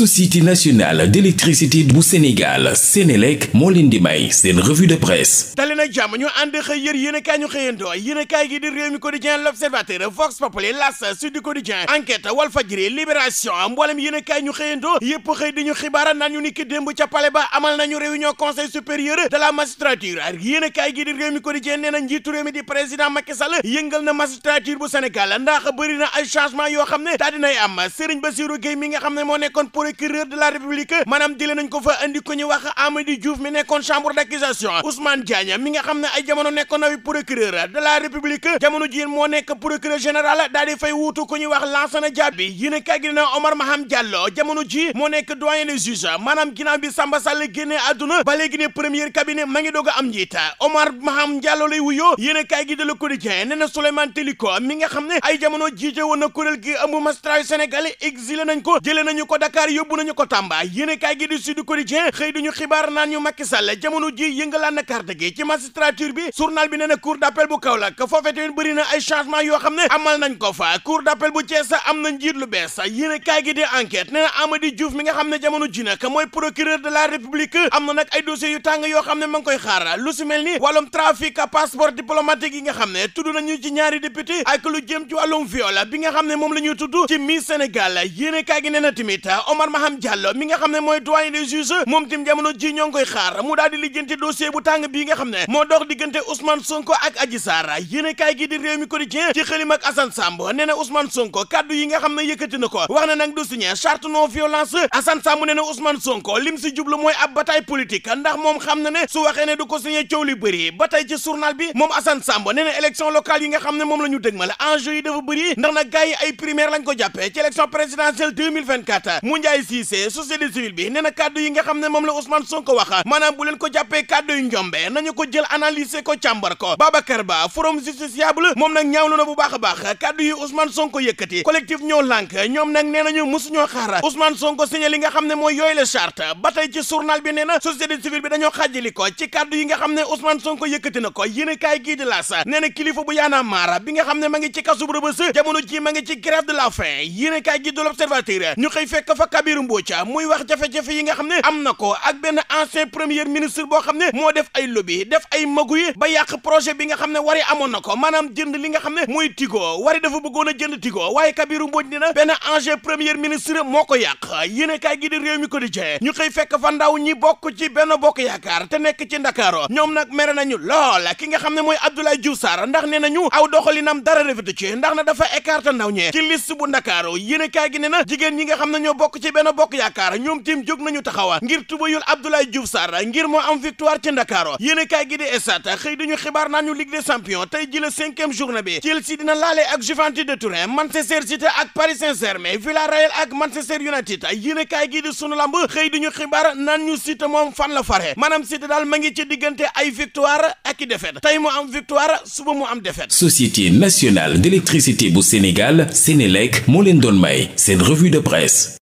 société nationale d'électricité bu Sénégal Sénélec moo leen di may seen revue de presse dali nag jàmm ñu ànd xëy yër yéen a ñu xëyandoo yéen a gi di réew mi quotidien l'observateur Vox Populi L'As Sud du quotidien enquête Libération mboolem yéen a ñu xëyandoo yëpp xëy di ñu xibaara naan ni ki démb ca palais ba amal nañu réunion conseil supérieur de magistrature yéen a gi di réew mi quotidien nee njiitu réew mi di président procureur de la république maanaam jëlee nañ ko fa andi ko ñu wax Amady Diouf mi nekkoon chambre d'accusation Ousmane Diagne mi nga xam ne ay jamono nekkoon na fi procureur de la république jamono ji moo nekk procureur général daal fay wuutu ko ñu wax Lansana Diaby yéen a kaay na Omar Maham Diallo jamono ji moo nekk doyen des juges maanaam ginnaaw bi Samba Sall génnee àdduna ba léegi premier cabinet ma ngi a am njiit Omar Maham Diallo lay wuyoo yéen a kaay de yóbbu nañu ko Tamba yéenekaay gi di Sud Quotidien xëy duñu xibaar naan ñu Macky Sall jamono ji yëngalaan na carte gi ci magistrature bi journal bi nee na cour d'appel bu Kaolack foofee tamit bëri na ay changement yoo xam ne amal nañ ko fa cour d'appel bu Thiès am na njiit lu bees yéenekaay gi di enquête nee na Amady Diouf mi nga xam ne jamono ji nag mooy procureur de la République am na nag ay dossiers yu tàng yoo xam ne ma ngi koy xaar lu si mel ni wàllum trafic passeport diplomatique xam ne tudd nañu ci ñaari député ak lu jëm bi nga xam ne moom la ñuy tudd ci Miss Sénégal yéenekaay gi na tamit Omar Maham Diallo mi nga xam ne mooy doyen des juges moom tim jamono ji ñoo ngi koy xaar mu daal di lijjanti dossier bu tàng bii nga xam ne moo dox diggante Ousmane Sonko ak Adji Sarr yéene kaay gi di réew mi quotidien ci xëlim ak Assane Samb nee na Ousmane Sonko kaddu yi nga xam ne yëkkati na ko wax na nag du signé charte non violence Samb nee na Ousmane lim si jublu mooy ab bataille politique ndax moom xam na ne su waxee ne du ko signé coow li bëri ba ci Ndiaye Cissé bi nee na yi nga xam ne moom la Ousmane Sonko wax maanaam bu ko jàppee kàddu yu njombe nañu ko jël analyser ko càmbar ko Babacar Ba forum justiciable moom nag ñaawlu na bu baax a baax yi Ousmane Sonko yëkkati collectif ñoo lànk ñoom nag nee nañu musuñoo xaar Ousmane Sonko signé nga xam ne mooy yooyu la charte ba ci journal bi nee na société civile bi dañoo xàjjali ko ci kàddu yi nga xam ne Ousmane Sonko yëkkati na ko yéen kaay gii di laas Kabir Mbodj muy wax jafe-jafe yi nga xam ne am na ko ak benn ancien premier ministre boo xam ne moo def ay lobby def ay maguy ba yàq projet bi nga xam ne wari amoon na ko maanaam jënd li nga xam ne mooy Tigo wari dafa bëggoon a jënd Tigo waaye Kabir Mbodj dina benn ancien premier ministre moo ko yàq yéen a kaay gi di réew mi ko di jee ñu xëy fekk fa ndaw ñi bokk ci benn bokk yaakaar te nekk ci ndakaaroo ñoom nag mere nañu lool ki nga xam ne mooy Abdoulaye Diouf Sarr ndax nee nañu aw doxalinam dara rafetu ci ndax na dafa écarté ndaw ñi ci liste bu Ndakaaru yéen a kaay gi na jigéen ñi nga xam ne ñoo bokk ci benn bokk yaakaar ñoom tim jóg nañu taxawa ngir tubayul Abdoulaye Diouf Sarr ngir moo am victoire ci Ndakaaru yéen kaay gi di estat xëy ñu xibaar naan ñu Ligue des champions tey ji la cinquième journée bi Chelsea dina laale ak Juventus de Turin Manchester City ak Paris Saint-Germain Villarreal ak Manchester United yéen kaay gi di sunu lamb xëy dañu xibaar naan ñu City moom fan la fare maanaam City daal ma ngi ci diggante ay victoire ak i défaite tey m am victoire suba mu am défaite. Société nationale d'électricité bu Sénégal Sénélec moo leen doon may seen revue de presse.